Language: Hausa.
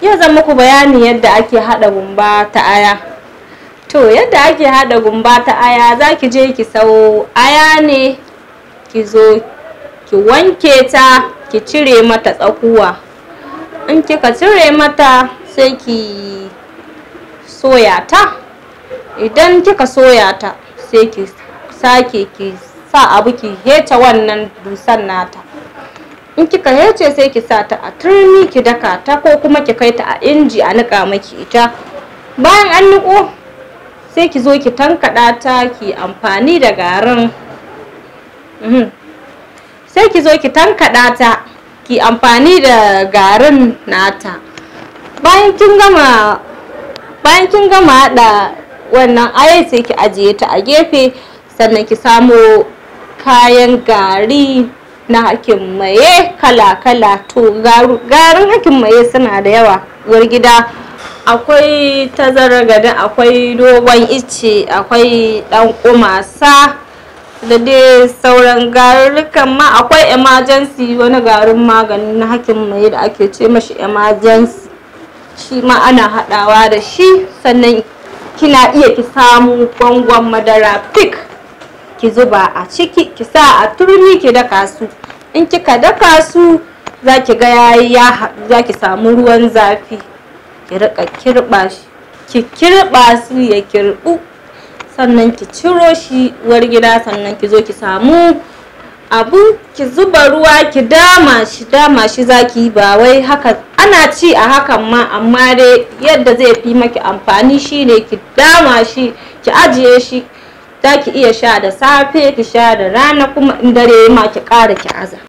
Yau zan muku bayani yadda ake haɗa gumba ta aya. To yadda ake haɗa gumba ta aya za ki je ki sau aya ne ki zo ki wanke ta ki cire mata tsakuwa. In kika cire mata sai ki soya ta. Idan kika soya ta sai ki sake ki sa abu ki heta wannan dusan nata in kika yace sai ki sa ta a turmi ki daka ta ko kuma ki kai ta a inji a niƙa maki ita bayan an niƙo sai ki zo ki tankaɗa ta ki amfani da garin mhm. sai ki zo ki tankaɗa ta ki amfani da garin nata bayan kin gama bayan kin gama haɗa wannan ayi sai ki ajiye ta a gefe sannan ki samo kayan gari na hakin maye kala-kala to garin hakin maye suna da yawa war gida akwai tazara gada akwai dogon ice akwai dan kumasa da dai sauran garurrukan ma akwai emergency wani garin magani na hakin maye da ake ce mashi emergency shi ma ana hadawa da shi sannan kina iya ki samu gwangwan madara pick ki zuba a ciki ki sa a turmi ki daka su in kika daka su za ki ga yayi ya samu ruwan zafi ki rika kirɓa shi ki kirba su ya kirbu sannan ki ciro shi war gida sannan ki zo ki samu abu ki zuba ruwa ki dama shi dama shi zaki ba wai haka ana ci a hakan ma amma dai yadda zai fi maki amfani shine ki dama shi ki ajiye shi za ki iya sha da safe ki sha da rana kuma in dare ma ki ƙara ki aza